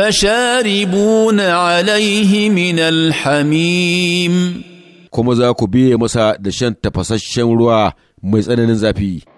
فشاربون alaihi Minal Hamim. kuma za ku biye masa da shan tafasasshen ruwa mai tsananin zafi